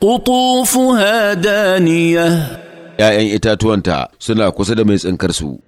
قطوفها دانيه ‘ya'yan itatuwanta suna kusa da mai tsinkarsu.